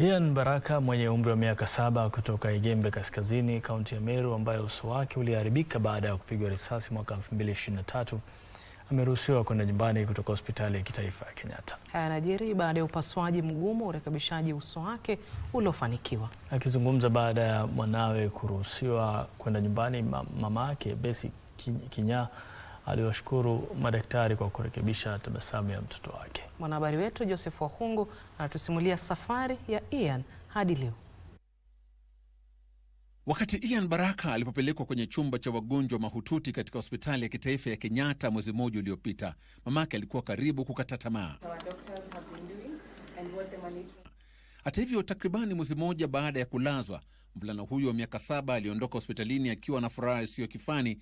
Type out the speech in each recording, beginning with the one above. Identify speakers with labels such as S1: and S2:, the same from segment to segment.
S1: Ian Baraka mwenye umri wa miaka saba kutoka Igembe Kaskazini, kaunti ya Meru, ambaye uso wake uliharibika baada ya kupigwa risasi mwaka 2023 ameruhusiwa kwenda nyumbani kutoka hospitali ya kitaifa ya Kenyatta.
S2: Haya yanajiri baada ya upasuaji mgumu urekebishaji uso wake uliofanikiwa.
S1: Akizungumza baada ya mwanawe kuruhusiwa kwenda nyumbani, mamake besi Kinya aliwashukuru madaktari kwa kurekebisha tabasamu ya mtoto wake.
S2: Mwanahabari wetu Joseph Wahungu anatusimulia safari ya Ian hadi leo.
S3: Wakati Ian Baraka alipopelekwa kwenye chumba cha wagonjwa mahututi katika hospitali ya kitaifa ya Kenyatta mwezi mmoja uliopita, mamake alikuwa karibu kukata tamaa. Hata hivyo, takribani mwezi mmoja baada ya kulazwa, mvulana huyo wa miaka saba aliondoka hospitalini akiwa na furaha isiyo kifani.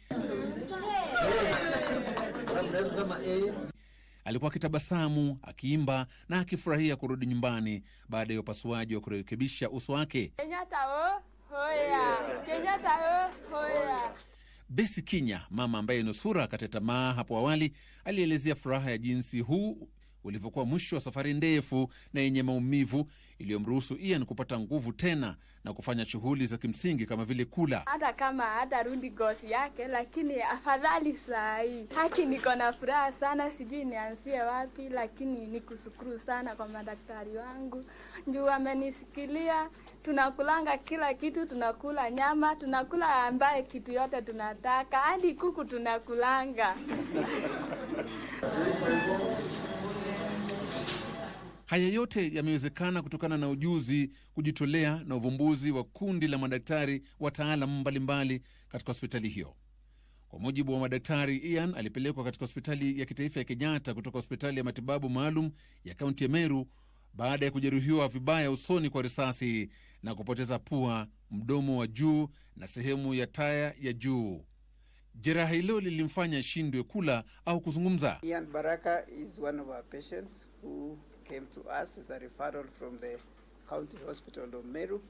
S3: Eh. alikuwa akitabasamu akiimba na akifurahia kurudi nyumbani baada ya upasuaji wa kurekebisha uso wake.
S4: Oh, oh,
S3: Besi Kinya, mama ambaye nusura akatetamaa hapo awali, alielezea furaha ya jinsi huu ulivyokuwa mwisho wa safari ndefu na yenye maumivu iliyomruhusu Ian kupata nguvu tena na kufanya shughuli za kimsingi kama vile kula.
S4: Hata kama hata rundi gosi yake, lakini afadhali saa hii haki. Niko na furaha sana, sijui nianzie wapi, lakini nikushukuru sana kwa madaktari wangu juu wamenisikilia. Tunakulanga kila kitu, tunakula nyama, tunakula ambaye kitu yote tunataka, hadi kuku tunakulanga
S3: Haya yote yamewezekana kutokana na ujuzi, kujitolea na uvumbuzi wa kundi la madaktari wataalam mbalimbali katika hospitali hiyo. Kwa mujibu wa madaktari, Ian alipelekwa katika hospitali ya kitaifa ya Kenyatta kutoka hospitali ya matibabu maalum ya kaunti ya Meru baada ya kujeruhiwa vibaya usoni kwa risasi na kupoteza pua, mdomo wa juu na sehemu ya taya ya juu. Jeraha hilo lilimfanya shindwe kula au kuzungumza.
S5: Ian Baraka is one of our patients who came to us as a referral from the county hospital of Meru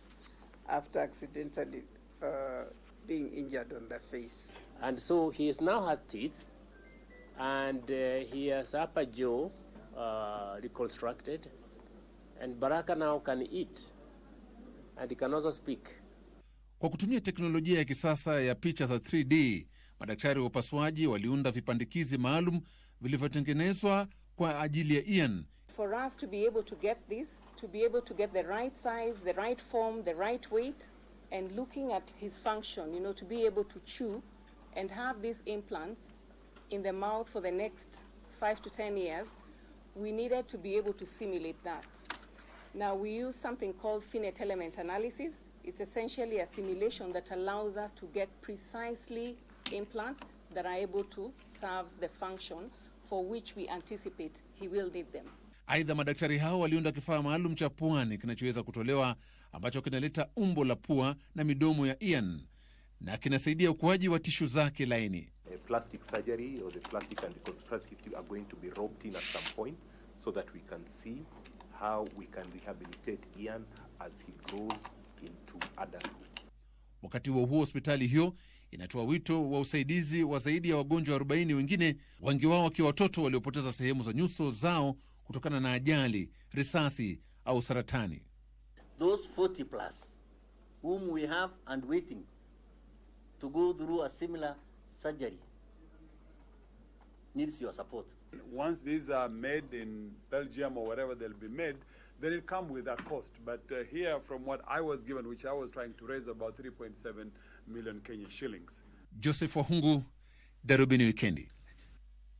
S5: after accidentally uh, being injured on the face.
S6: And so he is now has teeth and uh, he has upper jaw uh, reconstructed and Baraka now can eat and he can also speak.
S3: Kwa kutumia teknolojia ya kisasa ya picha za 3D, madaktari wa upasuaji waliunda vipandikizi maalum vilivyotengenezwa kwa ajili ya Ian
S7: for us to be able to get this, to be able to get the right size, the right form, the right weight, and looking at his function, you know, to be able to chew and have these implants in the mouth for the next five to 10 years, we needed to be able to simulate that. Now, we use something called finite element analysis. It's essentially a simulation that allows us to get precisely implants that are able to serve the function for which we anticipate he will need them.
S3: Aidha, madaktari hao waliunda kifaa maalum cha pwani kinachoweza kutolewa ambacho kinaleta umbo la pua na midomo ya Ian na kinasaidia ukuaji wa tishu zake laini. Wakati huo huo, hospitali hiyo inatoa wito wa usaidizi wa zaidi ya wagonjwa 40 wengine, wengi wao wakiwa watoto waliopoteza sehemu za nyuso zao kutokana na ajali, risasi au saratani.
S8: Those 40 plus whom we have and waiting to go through a similar surgery needs your support.
S9: Once these are made in Belgium or wherever they'll be made, then it come with a cost. But uh, here from what I was given, which I was trying to raise about 3.7 million Kenya shillings.
S1: Joseph Darubini Wikendi.